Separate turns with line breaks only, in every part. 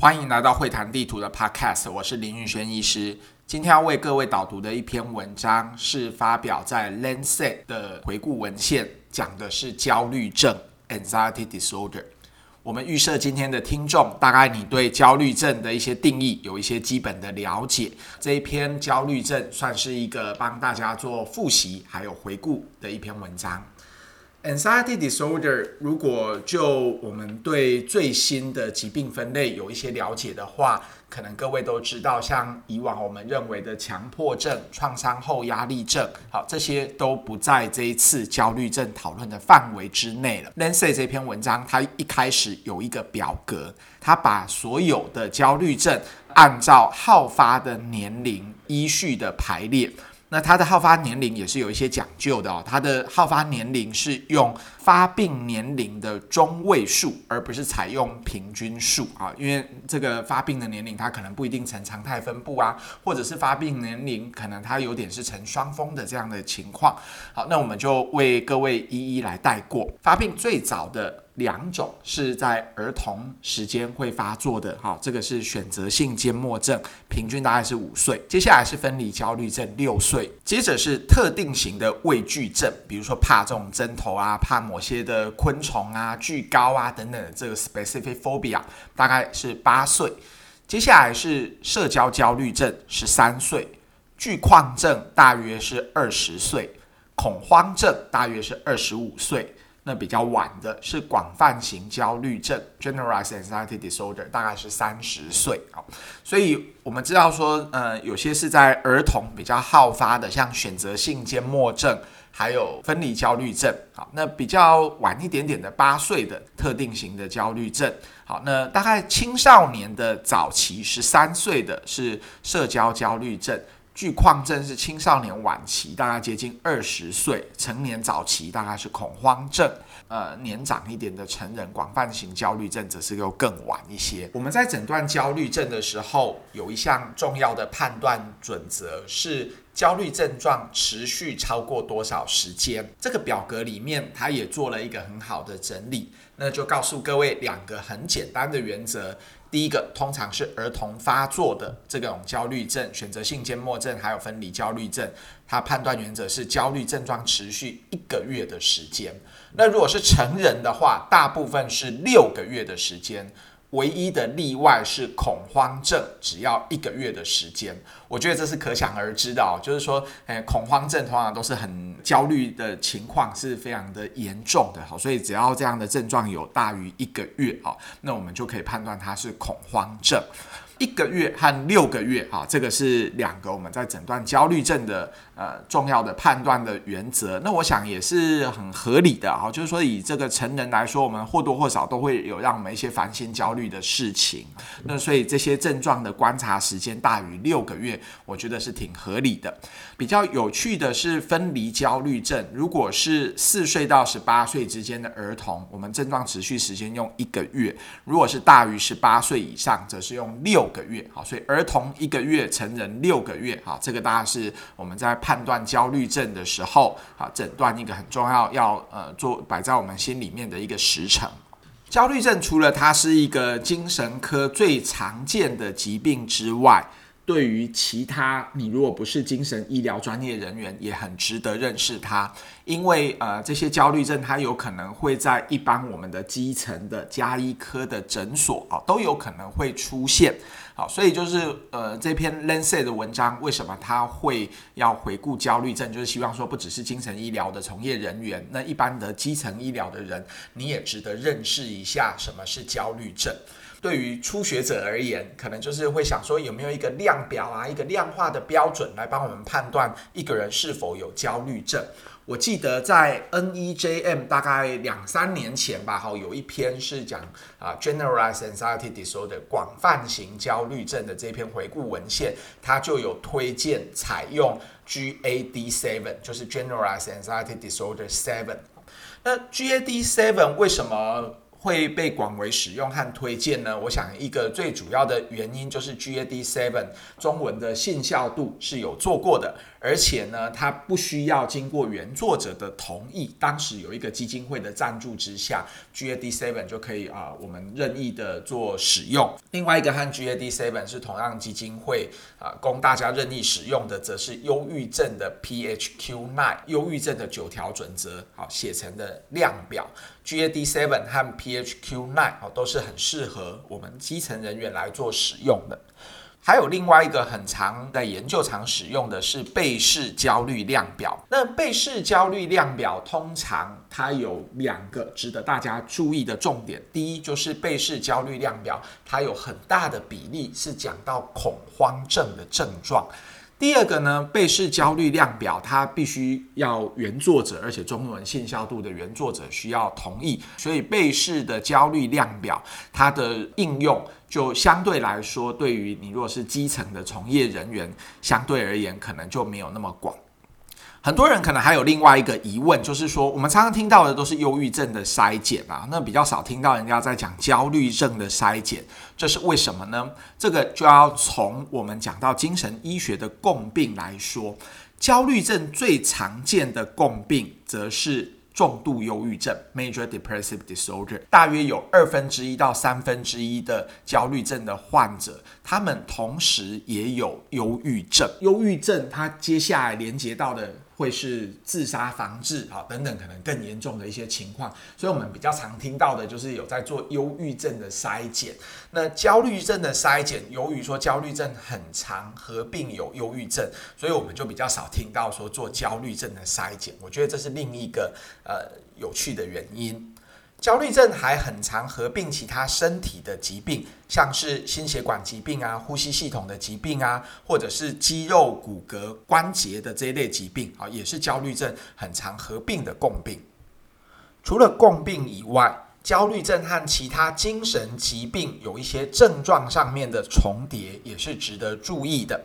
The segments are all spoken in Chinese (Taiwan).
歡迎來到會談地圖的 Podcast，我是林俊軒醫師。今天要為各位導讀的一篇文章是發表在《Lancet》的回顧文獻，講的是焦慮症 （Anxiety Disorder）。我們預設今天的聽眾，大概你對焦慮症的一些定義有一些基本的了解。這一篇焦慮症算是一個幫大家做複習還有回顧的一篇文章。Anxiety disorder，如果就我們對最新的疾病分類有一些了解的話，可能各位都知道，像以往我們認為的強迫症、創傷後壓力症，好，這些都不在這一次焦慮症討論的範圍之內了。Lancet 這篇文章，它一開始有一個表格，它把所有的焦慮症按照好發的年齡依序的排列。那它的好發年齡也是有一些講究的哦，它的好發年齡是用發病年齡的中位數，而不是採用平均數啊，因為這個發病的年齡它可能不一定呈常態分布啊，或者是發病年齡可能它有點是呈雙峰的這樣的情況。
好，那我們就
為各位一一來帶過，發病最早的。兩種是在兒童時間會發作的，哈，這個是選擇性緘默症，平均大概是五歲。接下來是分離焦慮症，六歲。接着是特定型的畏懼症，比如說怕這種針頭啊，怕某些的昆蟲啊、懼高啊等等的，這個 specific phobia 大概是八歲。接下來是社交焦慮症，十三歲。懼曠症大約是二十歲，恐慌症大約是二十五歲。那比較晚的是廣泛型焦慮症 （Generalized Anxiety Disorder），大概是三十歲啊。所以我們知道說，呃，有些是在兒童比較好發的，像選擇性緘默症，還有分離焦慮症。好，那比較晚一點點的八歲的特定型的焦慮症。好，那大概青少年的早期十三歲的，是社交焦慮症。懼曠症是青少年晚期，大概接近二十歲；成年早期大概是恐慌症，呃，年長一點的成人廣泛性焦慮症則是又更晚一些。 我們在診斷焦慮症的時候，有一項重要的判斷準則是焦慮症狀持續超過多少時間。這個表格裡面它也做了一個很好的整理，那就告訴各位兩個很簡單的原則。第一個通常是兒童發作的這種焦慮症、選擇性緘默症，還有分離焦慮症。它判斷原則是焦慮症狀持續一個月的時間。那如果是成人的話，大部分是六個月的時間。唯一的例外是恐慌症，只要一個月的時間。我覺得這是可想而知的，喔，就是說，哎，恐慌症，通常都是很焦慮的情況，是非常的嚴重的。好，所以只要這樣的症狀有大於一個月，好，那我們就可以判斷它是恐慌症。一個月和六個月，啊，這個是兩個我們在診斷焦慮症的呃重要的判斷的原則。那我想也是很合理的，啊，就是說以這個成人來說，我們或多或少都會有讓我們一些煩心焦慮的事情。那所以這些症狀的觀察時間大於六個月。我覺得是挺合理的。比較有趣的是分離焦慮症，如果是四歲到十八歲之間的兒童，我們症狀持續時間用一個月；如果是大於十八歲以上，則是用六個月。好，所以兒童一個月，成人六個月。好，這個大概是我們在判斷焦慮症的時候，啊，診斷一個很重要要呃做擺在我們心裡面的一個時程。焦慮症除了它是一個精神科最常見的疾病之外，對於其他，你如果不是精神醫療專業人員，也很值得認識他，因為呃，這些焦慮症他有可能會在一般我們的基層的家醫科的診所啊，都有可能會出現，好、啊，所以就是呃，這篇 Lancet 的文章為什麼他會要回顧焦慮症，就是希望說不只是精神醫療的從業人員，那一般的基層醫療的人，你也值得認識一下什麼是焦慮症。對於初學者而言，可能就是會想說有沒有一個量表啊，一個量化的標準來幫我們判斷一個人是否有焦慮症。我記得在 NEJM 大概兩三年前吧，好，有一篇是講啊 generalized anxiety disorder 廣泛型焦慮症的這篇回顧文獻，它就有推薦採用 GAD s v n 就是 generalized anxiety disorder seven。那 GAD s e v n 為什麼？會被廣為使用和推薦呢？我想一個最主要的原因就是 GAD-7 中文的信效度是有做過的。而且呢，它不需要經過原作者的同意。當時有一個基金會的贊助之下，GAD seven 就可以啊，我們任意的做使用。另外一個和 GAD seven 是同樣基金會啊，供大家任意使用的，則是憂鬱症的 PHQ nine，憂鬱症的九條準則，好、啊、寫成的量表。GAD seven 和 PHQ nine 啊，都是很適合我們基層人員來做使用的。還有另外一個很常在研究場使用的是貝氏焦慮量表。那貝氏焦慮量表通常，它有兩個值得大家注意的重點。第一就是貝氏焦慮量表，它有很大的比例是講到恐慌症的症狀。第二個呢，貝氏焦慮量表，它必須要原作者，而且中文信效度的原作者需要同意，所以貝氏的焦慮量表它的應用就相對來說，對於你若是基層的從業人員，相對而言可能就沒有那麼廣。很多人可能還有另外一個疑問，就是說，我們常常聽到的都是憂鬱症的篩檢啊，那比較少聽到人家在講焦慮症的篩檢，這是為什麼呢？這個就要從我們講到精神醫學的共病來說，焦慮症最常見的共病則是重度憂鬱症 （Major Depressive Disorder），大約有二分之一到三分之一的焦慮症的患者，他們同時也有憂鬱症，憂鬱症它接下來連接到的。會是自殺防治啊等等，可能更嚴重的一些情況，所以，我們比較常聽到的就是有在做憂鬱症的篩檢。那焦慮症的篩檢，由於說焦慮症很常合併有憂鬱症，所以我們就比較少聽到說做焦慮症的篩檢。我覺得這是另一個呃有趣的原因。焦慮症還很常合併其他身體的疾病，像是心血管疾病啊、呼吸系統的疾病啊，或者是肌肉、骨骼、關節的這一類疾病啊，也是焦慮症很常合併的共病。除了共病以外，焦慮症和其他精神疾病有一些症狀上面的重疊也是值得注意的。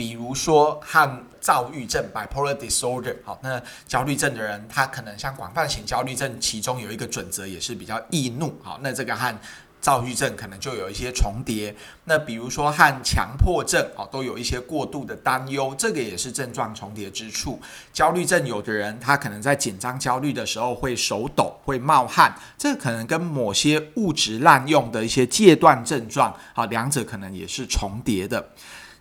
比如說和躁鬱症 （bipolar disorder） 好，那焦慮症的人，他可能像廣泛型焦慮症，其中有一個準則也是比較易怒。好，那這個和躁鬱症可能就有一些重疊。那比如說和強迫症，好，都有一些過度的擔憂，這個也是症狀重疊之處。焦慮症有的人，他可能在緊張焦慮的時候會手抖、會冒汗，這個可能跟某些物質濫用的一些戒斷症狀，好，兩者可能也是重疊的。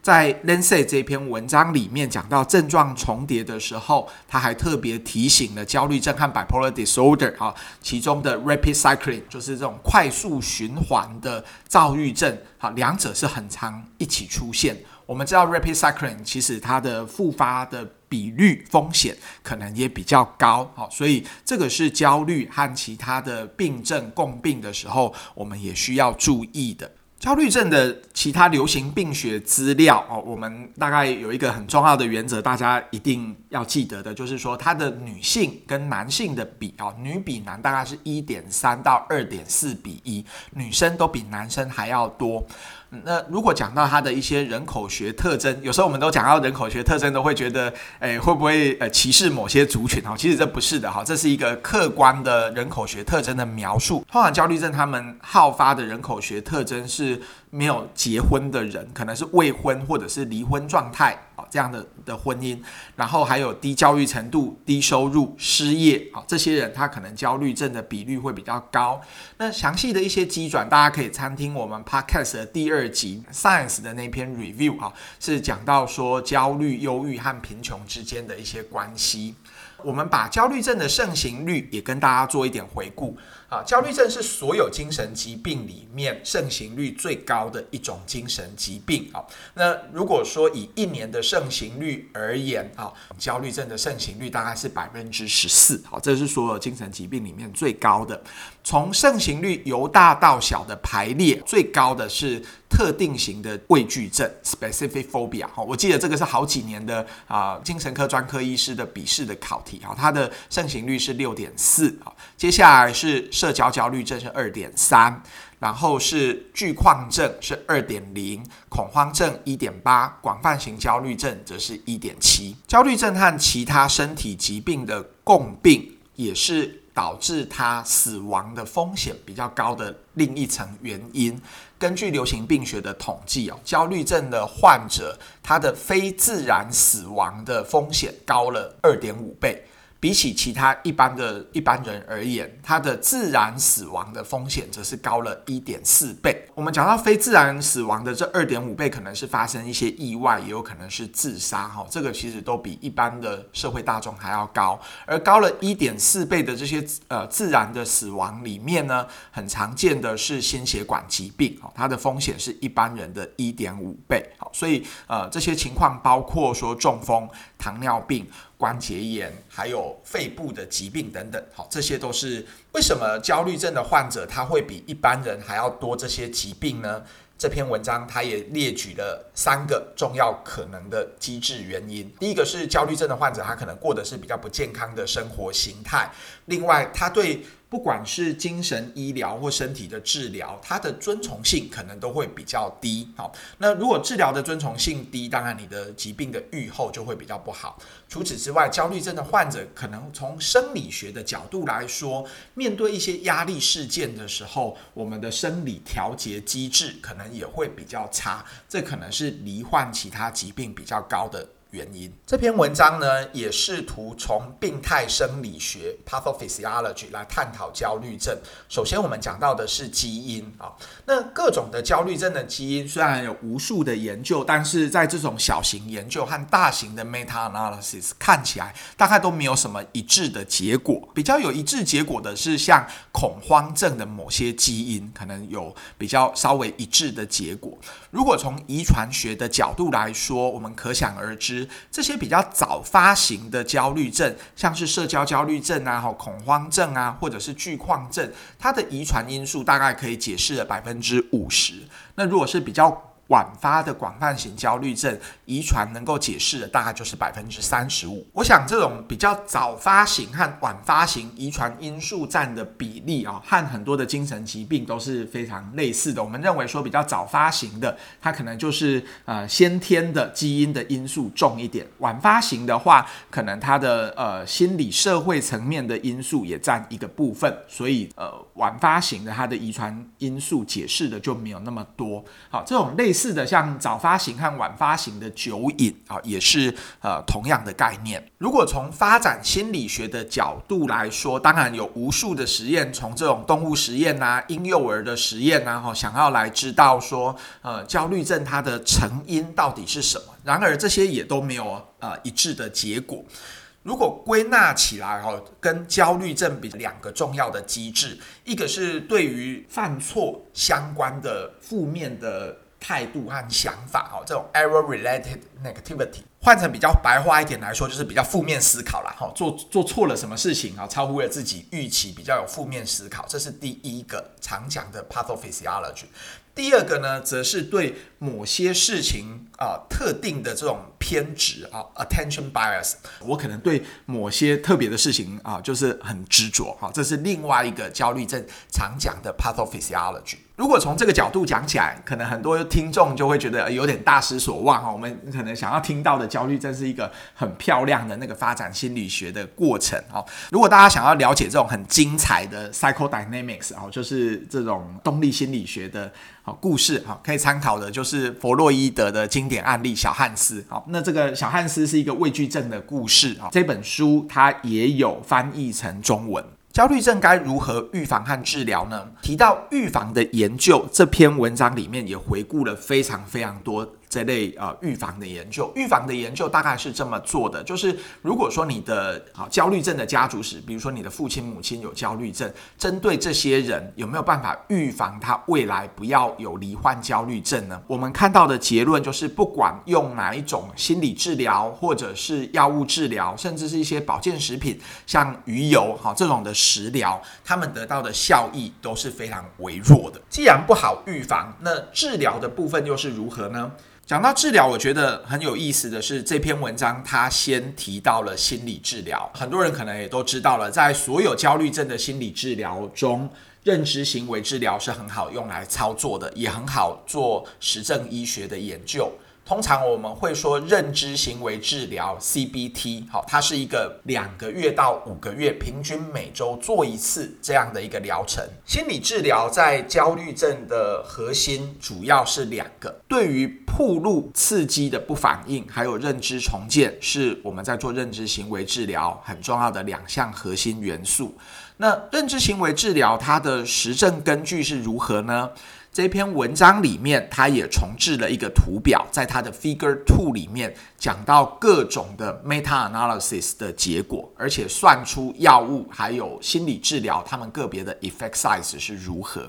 在 Lancet 這篇文章裡面講到症狀重疊的時候，他還特別提醒了焦慮症和 Bipolar Disorder 啊，其中的 Rapid Cycling 就是這種快速循環的躁鬱症，好，兩者是很常一起出現。我們知道 Rapid Cycling 其實它的復發的比率風險可能也比較高，好，所以這個是焦慮和其他的病症共病的時候，我們也需要注意的。焦慮症的其他流行病學資料哦，我們大概有一個很重要的原則，大家一定要記得的，就是說，它的女性跟男性的比啊、哦，女比男大概是一點三到二點四比一，女生都比男生還要多。嗯、那如果講到它的一些人口學特徵，有時候我們都講到人口學特徵都會覺得，誒、欸，會不會呃歧視某些族群？其實這不是的哈，這是一個客觀的人口學特徵的描述。通常焦慮症他們好發的人口學特徵是。沒有結婚的人，可能是未婚或者是離婚狀態啊、哦，這樣的的婚姻，然後還有低教育程度、低收入、失業啊、哦，這些人他可能焦慮症的比率會比較高。那詳細的一些機轉，大家可以參聽我們 Podcast 的第二集 Science 的那篇 Review 哈、哦，是講到說焦慮、憂鬱和貧窮之間的一些關係。我們把焦慮症的盛行率也跟大家做一點回顧。啊，焦慮症是所有精神疾病裡面盛行率最高的一種精神疾病啊。那如果說以一年的盛行率而言啊，焦慮症的盛行率大概是百分之十四，啊，這是所有精神疾病裡面最高的。從盛行率由大到小的排列，最高的是特定型的畏懼症 （specific phobia）。好，我記得這個是好幾年的啊，精神科專科醫師的筆試的考題啊，它的盛行率是六點四啊。接下來是，社交焦慮症是二點三，然後是懼曠症是二點零，恐慌症一點八，廣泛型焦慮症則是一點七。焦慮症和其他身體疾病的共病，也是導致他死亡的風險比較高的另一層原因。根據流行病學的統計哦，焦慮症的患者，他的非自然死亡的風險高了二點五倍。比起其他一般的一般人而言，他的自然死亡的風險則是高了一點四倍。我們講到非自然死亡的這二點五倍，可能是發生一些意外，也有可能是自殺。哈、哦，這個其實都比一般的社會大眾還要高。而高了一點四倍的這些呃自然的死亡裡面呢，很常見的是心血管疾病。哈、哦，它的風險是一般人的一點五倍。好、哦，所以呃這些情況包括說中風。糖尿病、關節炎，還有肺部的疾病等等，好，這些都是為什麼焦慮症的患者他會比一般人還要多這些疾病呢？這篇文章他也列舉了三個重要可能的機制原因。第一個是焦慮症的患者，他可能過的是比較不健康的生活形態；另外，他對不管是精神醫療或身體的治療，它的遵從性可能都會比較低。好，那如果治療的遵從性低，當然你的疾病的預後就會比較不好。除此之外，焦慮症的患者可能從生理學的角度來說，面對一些壓力事件的時候，我們的生理調節機制可能也會比較差。這可能是罹患其他疾病比較高的原因。這篇文章呢，也試圖從病態生理學 （pathophysiology） 來探討焦慮症。首先，我們講到的是基因啊，那各種的焦慮症的基因雖然有無數的研究，但是在這種小型研究和大型的 meta analysis 看起來，大概都沒有什麼一致的結果。比較有一致結果的是像恐慌症的某些基因，可能有比較稍微一致的結果。如果從遺傳學的角度來說，我們可想而知。這些比較早發行的焦慮症，像是社交焦慮症啊、恐慌症啊，或者是懼曠症，它的遺傳因素大概可以解釋了百分之五十。那如果是比較晚發的廣泛性焦慮症遺傳能夠解釋的，大概就是百分之三十五。我想這種比較早发型和晚发型遺傳因素占的比例啊，和很多的精神疾病都是非常類似的。我們認為說比較早发型的，它可能就是呃先天的基因的因素重一點；晚发型的話，可能它的呃心理社會層面的因素也占一個部分。所以呃晚发型的它的遺傳因素解釋的就沒有那麼多。好、啊，這種類似。是的，像早發型和晚發型的酒癮啊，也是呃同樣的概念。如果從發展心理學的角度來說，當然有無數的實驗，從這種動物實驗吶、啊、嬰幼兒的實驗吶，哈，想要來知道說呃焦慮症它的成因到底是什麼。然而這些也都沒有呃一致的結果。如果歸納起來哈跟焦慮症比，兩個重要的機制，一個是對於犯錯相關的負面的態度和想法哦，這種 error related negativity，換成比較白話一點來說，就是比較負面思考啦。哈，做做錯了什麼事情啊，超乎了自己預期，比較有負面思考，這是第一個常講的 pathophysiology。第二個呢，則是對某些事情啊、呃，特定的這種偏執啊、呃，attention bias。我可能對某些特別的事情啊、呃，就是很執着哈，這是另外一個焦慮症常講的 pathophysiology。如果從這個角度講起來，可能很多聽眾就會覺得、呃、有點大失所望哈、哦。我們可能想要聽到的焦慮正是一個很漂亮的那個發展心理學的過程哦。如果大家想要了解這種很精彩的 psychodynamics 哦，就是這種動力心理學的好、哦、故事哈、哦，可以參考的就是弗洛伊德的經典案例小漢斯。好、哦，那這個小漢斯是一個畏懼症的故事啊、哦。這本書它也有翻譯成中文。焦慮症該如何預防和治療呢？提到預防的研究，這篇文章裡面也回顧了非常非常多。這類啊預防的研究，預防的研究大概是這麼做的，就是如果說你的啊焦慮症的家族史，比如說你的父親、母親有焦慮症，針對這些人有沒有辦法預防他未來不要有罹患焦慮症呢？我們看到的結論就是，不管用哪一種心理治療，或者是藥物治療，甚至是一些保健食品，像魚油哈這種的食療，他們得到的效益都是非常微弱的。既然不好預防，那治療的部分又是如何呢？講到治療，我覺得很有意思的是，這篇文章它先提到了心理治療。很多人可能也都知道了，在所有焦慮症的心理治療中，認知行為治療是很好用來操作的，也很好做實證醫學的研究。通常我們會說認知行為治療 （CBT），好，它是一個兩個月到五個月，平均每周做一次這樣的一個療程。心理治療在焦慮症的核心主要是兩個：對於暴露刺激的不反應，還有認知重建，是我們在做認知行為治療很重要的兩項核心元素。那認知行為治療它的實證根據是如何呢？這篇文章裡面，他也重置了一個圖表，在他的 Figure Two 裡面講到各種的 meta analysis 的結果，而且算出藥物還有心理治療他們個別的 effect size 是如何。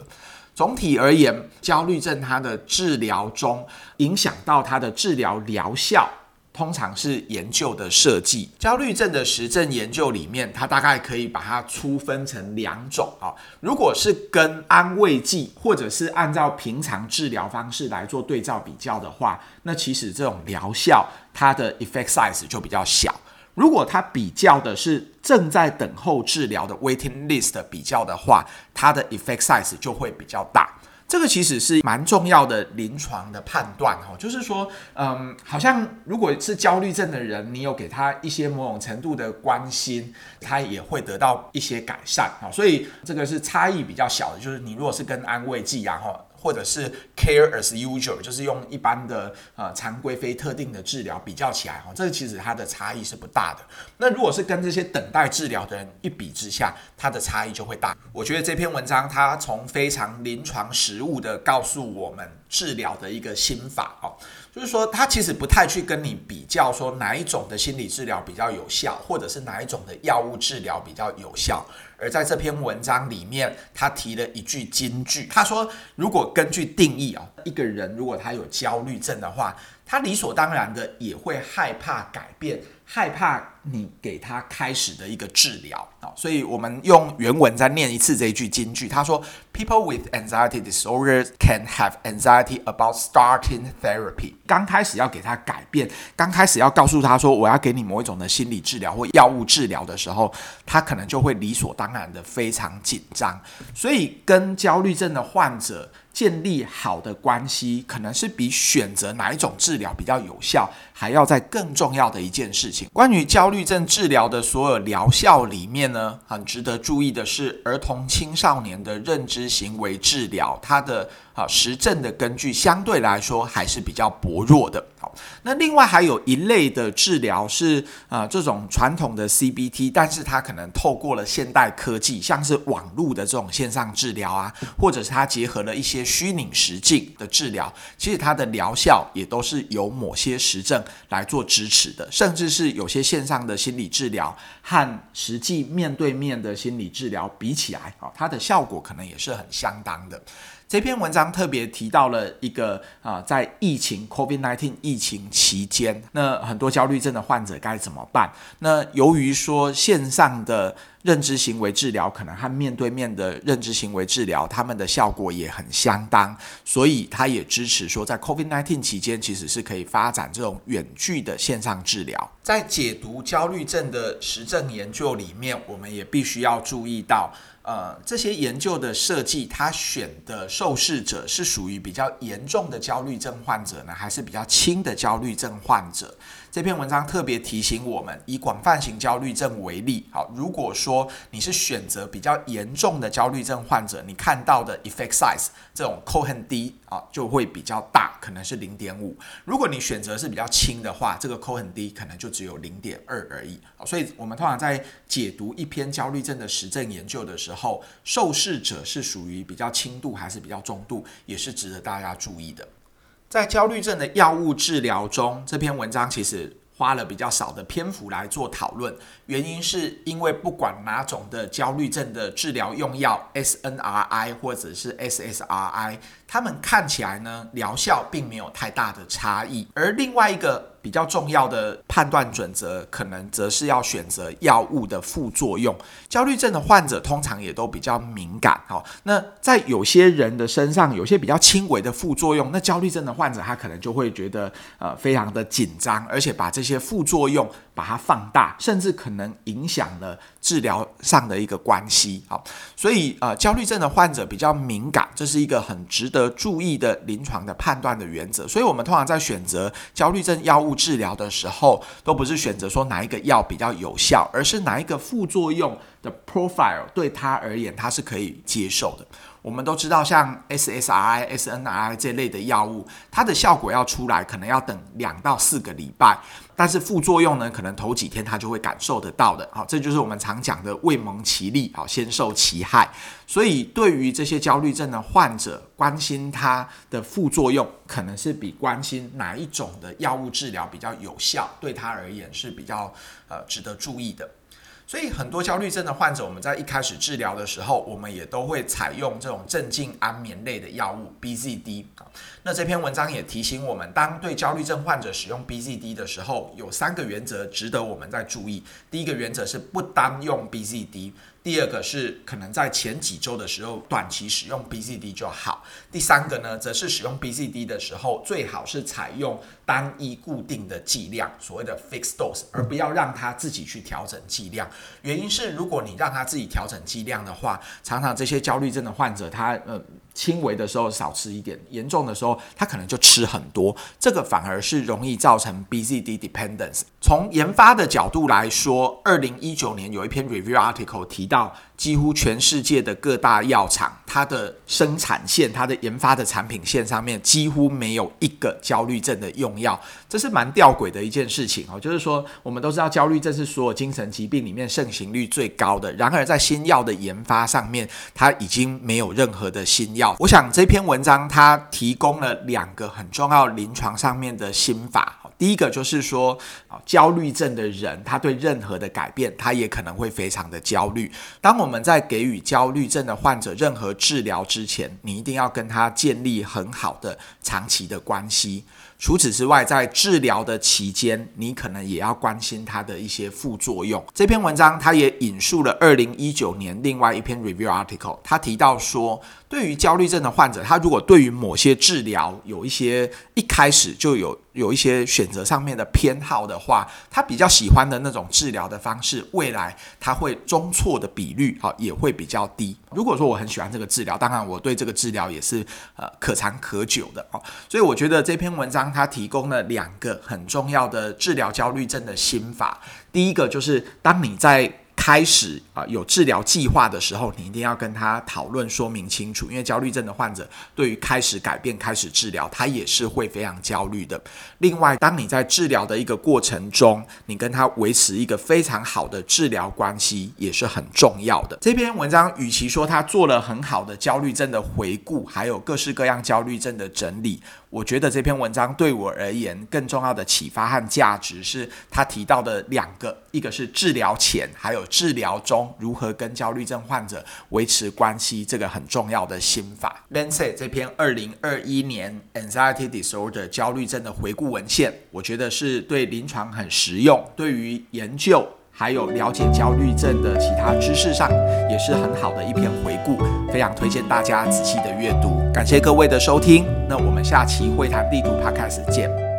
總體而言，焦慮症它的治療中影響到它的治療療效，通常是研究的設計，焦慮症的實證研究裡面，它大概可以把它粗分成兩種啊。如果是跟安慰劑或者是按照平常治療方式來做對照比較的話，那其實這種療效它的 effect size 就比較小。如果它比較的是正在等候治療的 waiting list 比較的話，它的 effect size 就會比較大。這個其實是蠻重要的臨床的判斷哦，就是說，嗯，好像如果是焦慮症的人，你有給他一些某種程度的關心，他也會得到一些改善啊，所以這個是差異比較小的，就是你如果是跟安慰劑然後。或者是 care as usual，就是用一般的呃常規非特定的治療比較起來，哈、哦，這其實它的差異是不大的。那如果是跟這些等待治療的人一比之下，它的差異就會大。我覺得這篇文章它從非常臨床實務的告訴我們治療的一個心法，哦，就是說它其實不太去跟你比較說哪一種的心理治療比較有效，或者是哪一種的藥物治療比較有效。而在這篇文章裡面，他提了一句金句，他說：“如果根據定義哦，一個人如果他有焦慮症的話，”他理所當然的也會害怕改變，害怕你給他開始的一個治療啊、哦，所以我們用原文再念一次這一句金句，他說：“People with anxiety disorders can have anxiety about starting therapy。剛開始要給他改變，剛開始要告訴他說我要給你某一種的心理治療或藥物治療的時候，他可能就會理所當然的非常緊張。所以跟焦慮症的患者。”建立好的關係，可能是比選擇哪一種治療比較有效，還要再更重要的一件事情。關於焦慮症治療的所有療效裡面呢，很值得注意的是，兒童青少年的認知行為治療，它的。啊，實證的根據相對來說還是比較薄弱的。好，那另外還有一類的治療是啊、呃，這種傳統的 CBT，但是它可能透過了現代科技，像是網絡的這種線上治療啊，或者是它結合了一些虛擬實境的治療，其實它的療效也都是由某些實證來做支持的。甚至是有些線上的心理治療和實際面對面的心理治療比起來，啊，它的效果可能也是很相當的。這篇文章特別提到了一個啊，在疫情 COVID-19 疫情期間，那很多焦慮症的患者該怎麼辦？那由於說線上的。認知行為治療可能和面對面的認知行為治療，他們的效果也很相當，所以他也支持說，在 COVID-19 期間其實是可以發展這種遠距的線上治療。在解讀焦慮症的實證研究裡面，我們也必須要注意到，呃，這些研究的設計，他選的受試者是屬於比較嚴重的焦慮症患者呢，還是比較輕的焦慮症患者？這篇文章特別提醒我們，以廣泛型焦慮症為例，好，如果說說你是選擇比較嚴重的焦慮症患者，你看到的 effect size 這種 Cohen d 啊就會比較大，可能是零點五。如果你選擇是比較輕的話，這個 Cohen d 可能就只有零點二而已。所以，我們通常在解讀一篇焦慮症的實證研究的時候，受試者是屬於比較輕度還是比較重度，也是值得大家注意的。在焦慮症的藥物治療中，這篇文章其實，花了比較少的篇幅來做討論，原因是因為不管哪種的焦慮症的治療用藥，SNRI 或者是 SSRI，他們看起來呢，療效並沒有太大的差異，而另外一個。比較重要的判斷準則，可能則是要選擇藥物的副作用。焦慮症的患者通常也都比較敏感，好。那在有些人的身上，有些比較輕微的副作用，那焦慮症的患者他可能就會覺得呃非常的緊張，而且把這些副作用。把它放大，甚至可能影響了治療上的一個關係。好，所以，呃，焦慮症的患者比較敏感，這是一個很值得注意的臨床的判斷的原則。所以，我們通常在選擇焦慮症藥物治療的時候，都不是選擇說哪一個藥比較有效，而是哪一個副作用的 profile 對他而言，他是可以接受的。我們都知道，像 SSRI、SNRI 這類的藥物，它的效果要出來，可能要等兩到四個禮拜。但是副作用呢，可能頭幾天他就會感受得到的。好、哦，這就是我們常講的“未蒙其利，好、哦、先受其害”。所以，對於這些焦慮症的患者，關心他的副作用，可能是比關心哪一種的藥物治療比較有效，對他而言是比較呃值得注意的。所以很多焦慮症的患者，我們在一開始治療的時候，我們也都會採用這種鎮靜安眠類的藥物 BZD。那這篇文章也提醒我們，當對焦慮症患者使用 BZD 的時候，有三個原則值得我們再注意。第一個原則是不單用 BZD。第二個是可能在前幾週的時候短期使用 BZD 就好。第三個呢，則是使用 BZD 的時候最好是採用單一固定的劑量，所謂的 fixed dose，而不要讓他自己去調整劑量。原因是如果你讓他自己調整劑量的話，常常這些焦慮症的患者他呃輕微的時候少吃一點，嚴重的時候他可能就吃很多，這個反而是容易造成 BZD dependence。從研發的角度來說，二零一九年有一篇 review article 提到幾乎全世界的各大藥廠，它的生產線、它的研發的產品線上面，幾乎沒有一個焦慮症的用藥，這是蠻吊詭的一件事情哦。就是說，我們都知道焦慮症是所有精神疾病裡面盛行率最高的，然而在新藥的研發上面，它已經沒有任何的新藥。我想這篇文章它提供了兩個很重要臨床上面的心法。第一個就是說，焦慮症的人，他對任何的改變，他也可能會非常的焦慮。當我們在給予焦慮症的患者任何治療之前，你一定要跟他建立很好的長期的關係。除此之外，在治療的期間，你可能也要關心他的一些副作用。這篇文章，他也引述了二零一九年另外一篇 review article，他提到說，對於焦慮症的患者，他如果對於某些治療有一些一開始就有。有一些選擇上面的偏好的話，他比較喜歡的那種治療的方式，未來他會中輟的比率啊也會比較低。如果說我很喜歡這個治療，當然我對這個治療也是呃可長可久的。所以我覺得這篇文章它提供了兩個很重要的治療焦慮症的心法。第一個就是當你在開始，有治療計劃的時候，你一定要跟他討論說明清楚，因為焦慮症的患者對於開始改變、開始治療，他也是會非常焦慮的。另外，當你在治療的一個過程中，你跟他維持一個非常好的治療關係也是很重要的。這篇文章與其說他做了很好的焦慮症的回顧，還有各式各樣焦慮症的整理，我覺得這篇文章對我而言更重要的啟發和價值是他提到的兩個，一個是治療前，還有治療中。如何跟焦慮症患者維持關係，這個很重要的心法。Lancet 這篇二零二一年 Anxiety Disorder 焦慮症的回顧文獻，我覺得是對臨床很實用，對於研究還有了解焦慮症的其他知識上，也是很好的一篇回顧，非常推薦大家仔細的閱讀。感謝各位的收聽，那我們下期會談地圖 Podcast 見。